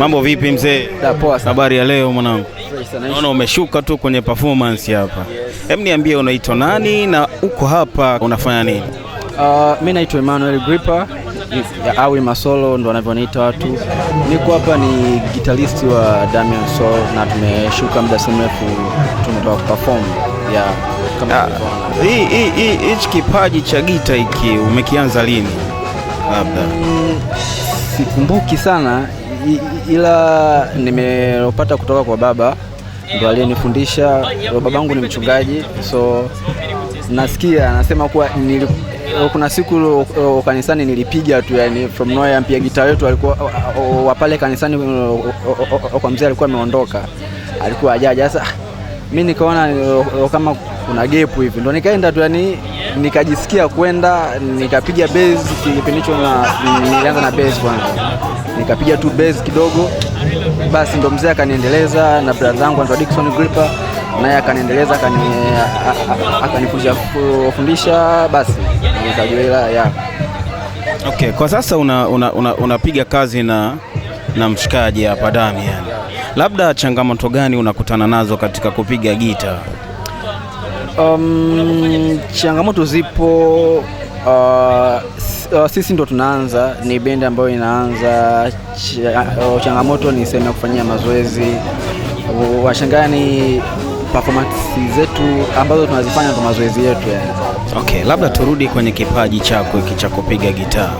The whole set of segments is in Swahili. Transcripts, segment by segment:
Mambo vipi mzee? Habari ya leo mwanangu? Naona umeshuka tu kwenye performance hapa. Hem, niambie unaitwa nani na uko hapa unafanya nini? Uh, mi naitwa Emmanuel ya awi Masolo ndo wanavyoniita watu. Niko hapa ni gitaristi wa Damian Soul na tumeshuka muda si mrefu tumetoka kuperform ya kama ah, hichi kipaji cha gita hiki umekianza lini? Labda mm, sikumbuki sana ila nimepata kutoka kwa baba, ndo aliyenifundisha. Babangu ni mchungaji, so nasikia anasema kuwa nil, kuna siku kanisani nilipiga tu yani from nowhere, mpia gitaa wetu alikuwa wa pale kanisani kwa mzee alikuwa ameondoka, alikuwa ajaja. Sasa mimi nikaona kama kuna gap hivi, ndo nikaenda tu yani nikajisikia kwenda nikapiga bass kipindi hicho, na nilianza na bass kwanza nikapiga tu base kidogo, basi ndo mzee akaniendeleza na brother zangu anaitwa Dickson Gripper naye akaniendeleza akanifundisha, basi nikajuela ya okay. Kwa sasa unapiga una, una, una kazi na, na mshikaji hapa damian yani labda changamoto gani unakutana nazo katika kupiga gita? Um, changamoto zipo Uh, uh, sisi ndo tunaanza, ni bendi ambayo inaanza ch uh, uh, changamoto ni sehemu ya kufanyia mazoezi washangani performance zetu ambazo tunazifanya kwa mazoezi yetu ya. Okay, labda turudi kwenye kipaji chako hiki cha kupiga gitaa.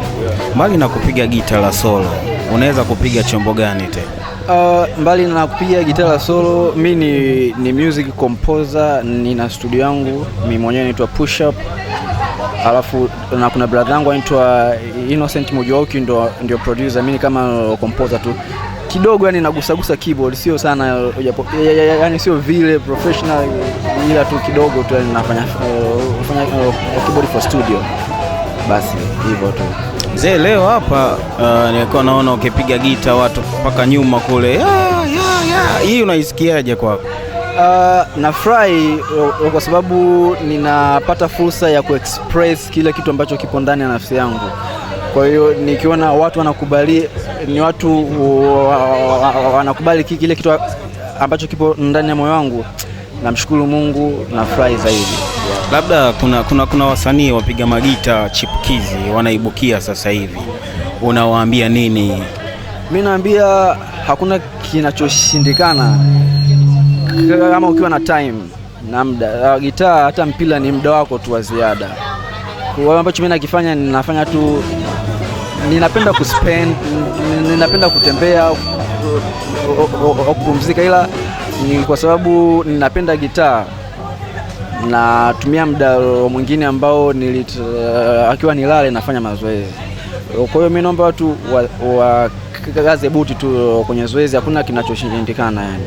Mbali na kupiga gitaa la solo, unaweza kupiga chombo gani te? Uh, mbali na kupiga gitaa la solo, mi ni, ni music composer, nina studio yangu mimi mwenyewe, naitwa Push Up alafu na kuna brother yangu anaitwa Innocent Mojoki, ndio ndio producer, mimi kama composer tu kidogo, yani nagusagusa keyboard, sio sana, yani sio vile professional, ila tu kidogo tu yani nafanya uh, fanya, uh, keyboard for studio, basi hivyo tu. Mzee, leo hapa uh, nilikuwa naona ukipiga gita watu mpaka nyuma kule. Hii unaisikiaje kwako? Uh, nafurahi uh, kwa sababu ninapata fursa ya kuexpress kile kitu ambacho kipo ndani ya nafsi yangu. Kwa hiyo nikiona watu wanakubali, ni watu uh, wanakubali kile kitu ambacho kipo ndani ya moyo wangu, namshukuru Mungu, nafurahi zaidi. Labda kuna, kuna, kuna wasanii wapiga magita chipukizi wanaibukia sasa hivi, unawaambia nini? Mimi naambia hakuna kinachoshindikana kama eh, ukiwa na time na mda uh, ah, gitaa hata mpila ni muda wako tu wa ziada. Kwa hiyo ambacho mimi nakifanya ninafanya tu, ninapenda kuspend, ninapenda kutembea kupumzika, ila ni kwa sababu ninapenda gitaa natumia muda mwingine ambao nilit, uh, akiwa nilale nafanya mazoezi. Kwa hiyo mimi naomba watu wa, wa kikaze buti tu kwenye zoezi, hakuna kinachoshindikana yani.